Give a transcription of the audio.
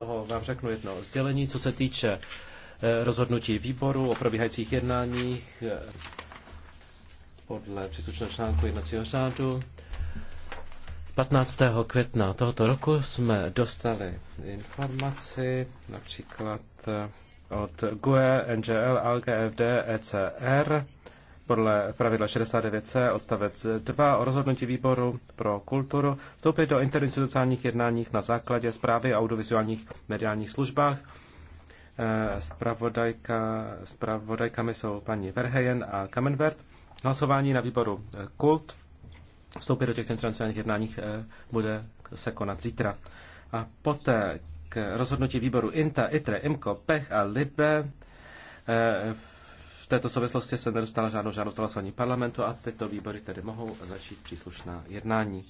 vám řeknu jedno sdělení, co se týče eh, rozhodnutí výboru o probíhajících jednáních eh, podle příslušného článku jednacího řádu. 15. května tohoto roku jsme dostali informaci například eh, od GUE, NGL, ALGE, FD, ECR, podle pravidla 69c odstavec 2 o rozhodnutí výboru pro kulturu vstoupit do interinstitucionálních jednáních na základě zprávy o audiovizuálních mediálních službách. Spravodajka, eh, spravodajkami jsou paní Verhejen a Kamenvert. Hlasování na výboru eh, Kult vstoupit do těch internacionálních jednáních eh, bude se konat zítra. A poté k rozhodnutí výboru INTA, ITRE, IMCO, PECH a LIBE v této souvislosti se nedostala žádnou žádost hlasování parlamentu a tyto výbory tedy mohou začít příslušná jednání.